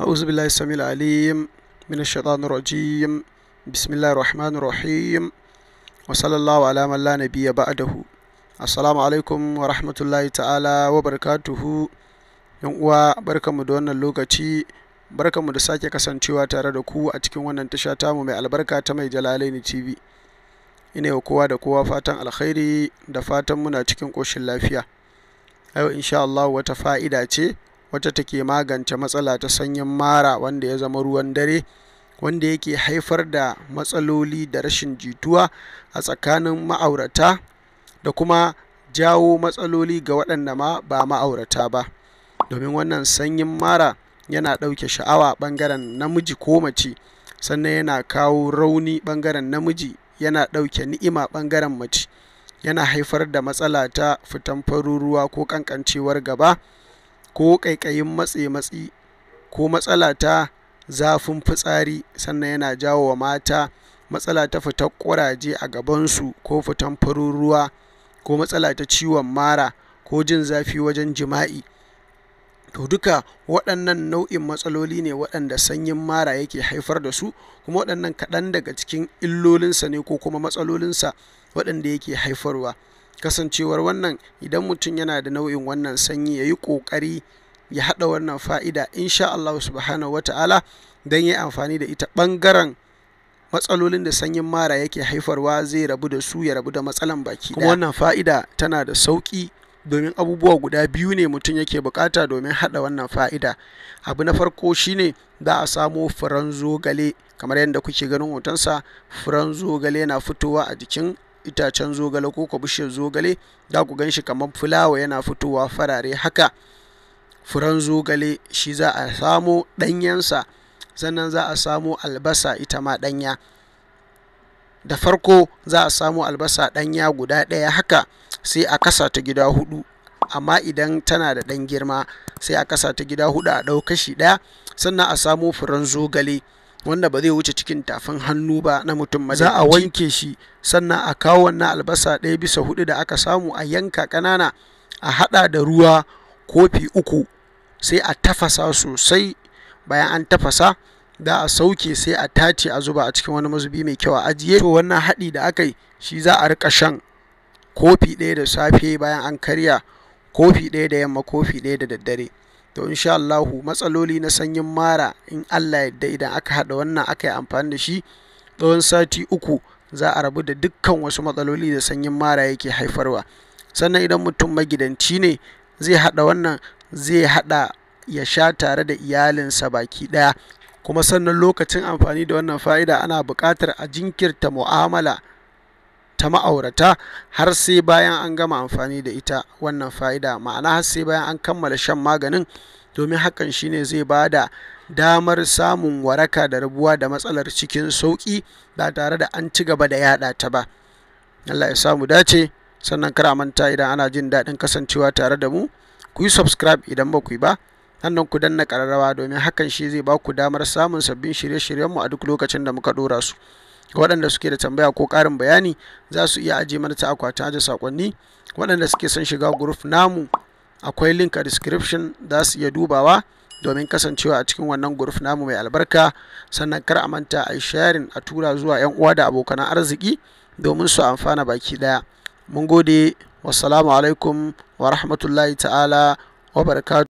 أعوذ بالله السميع العليم من الشيطان الرجيم بسم الله الرحمن الرحيم وصلى الله على من لا نبي بعده السلام wa rahmatullahi ta'ala wa yan uwa barkanmu da wannan lokaci barkanmu da sake kasancewa tare da ku a cikin wannan tasha tamu mai albarka ta mai jalalaini tv ina yau kowa da kowa fatan alkhairi da fatan muna cikin ƙoshin lafiya yau insha Allah wata fa'ida ce wacce take magance matsala ta sanyin mara wanda ya zama ruwan dare wanda yake haifar da matsaloli da rashin jituwa a tsakanin ma'aurata da kuma jawo matsaloli ga waɗanda ma ba ma'aurata ba domin wannan sanyin mara yana ɗauke sha'awa ɓangaren namiji ko mace sannan yana kawo rauni ɓangaren namiji yana ɗauke ni'ima ɓangaren mace yana haifar da matsala ta fitan faruruwa ko ƙanƙancewar gaba ko ƙaiƙayin matse matsi ko matsala ta zafin fitsari sannan yana jawo wa mata matsala ta fitar ƙuraje a gabansu ko fitan farin ko matsala ta ciwon mara ko jin zafi wajen jima'i to duka waɗannan nau'in matsaloli ne waɗanda sanyin mara yake haifar da su kuma waɗannan kaɗan daga cikin illolinsa ne ko kuma matsalolinsa waɗanda yake haifarwa kasancewar wannan idan mutum yana da nau'in wannan sanyi ya yi ƙoƙari ya haɗa wannan fa'ida insha Allah subhanahu wata'ala don ya amfani da ita ɓangaren matsalolin da sanyin mara yake haifarwa zai rabu da su ya rabu da matsalan baki kuma wannan fa'ida tana da sauƙi domin abubuwa guda biyu ne mutum yake bukata domin haɗa wannan fa'ida abu na farko shine za a samo furen zogale kamar yadda kuke ganin hotonsa furen zogale na fitowa a jikin itacen zogale ko ko bishiyar zogale za ku gan shi kamar fulawa yana fitowa farare haka furen zogale shi za a samo ɗanyensa sannan za a samo albasa ita ma ɗanya da farko za a samo albasa ɗanya guda ɗaya haka sai a kasa ta gida hudu amma idan tana da ɗan girma sai a kasa ta gida hudu a ɗau kashi ɗaya sannan a samo furen zogale wanda ba zai wuce cikin tafin hannu ba na mutum za a wanke shi sannan a kawo wannan albasa ɗaya bisa hudu da aka samu a yanka ƙanana a haɗa da ruwa kofi uku sai a tafasa sosai bayan an tafasa da a sauke sai a tace a zuba a cikin wani mazubi mai kyau a ajiye to wannan haɗi da aka yi shi za a rika shan kofi ɗaya da safe bayan an karya kofi ɗaya da yamma kofi ɗaya da daddare to insha Allahu matsaloli na sanyin mara in Allah yadda idan aka haɗa wannan aka yi amfani da shi tsawon sati uku za a rabu da dukkan wasu matsaloli da sanyin mara yake haifarwa sannan idan mutum magidanci ne zai haɗa wannan zai haɗa ya sha tare da iyalinsa baki ɗaya kuma sannan lokacin amfani da wannan fa'ida ana buƙatar a jinkirta mu'amala ta ma'aurata har sai bayan an gama amfani da ita wannan fa'ida ma'ana har sai bayan an kammala shan maganin domin hakan shine zai ba da damar samun waraka da rabuwa da matsalar cikin sauƙi ba tare da an ci gaba da yaɗa ta ba Allah ya samu dace sannan kar manta idan ana jin daɗin kasancewa tare da mu ku yi subscribe idan ba ku yi ba hannun ku danna ƙararrawa domin hakan shi zai ba ku damar samun sabbin shirye-shiryenmu a duk lokacin da muka ɗora su waɗanda suke da tambaya ko ƙarin bayani za su iya ajiye mana ta akwatin aje saƙonni waɗanda suke son shiga group namu akwai link a description za su iya dubawa domin kasancewa a cikin wannan group namu mai albarka sannan kar a manta a sharing a tura zuwa 'yan uwa da abokan arziki domin su amfana baki ɗaya mun gode wassalamu alaikum wa rahmatullahi ta'ala wa barakatuh